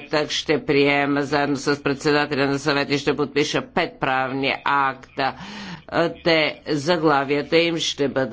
петък ще приема заедно с председателя на съвет и ще подпиша пет правни акта. Те заглавията им ще бъдат